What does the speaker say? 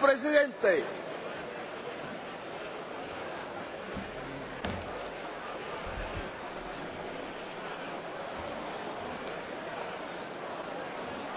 presidente.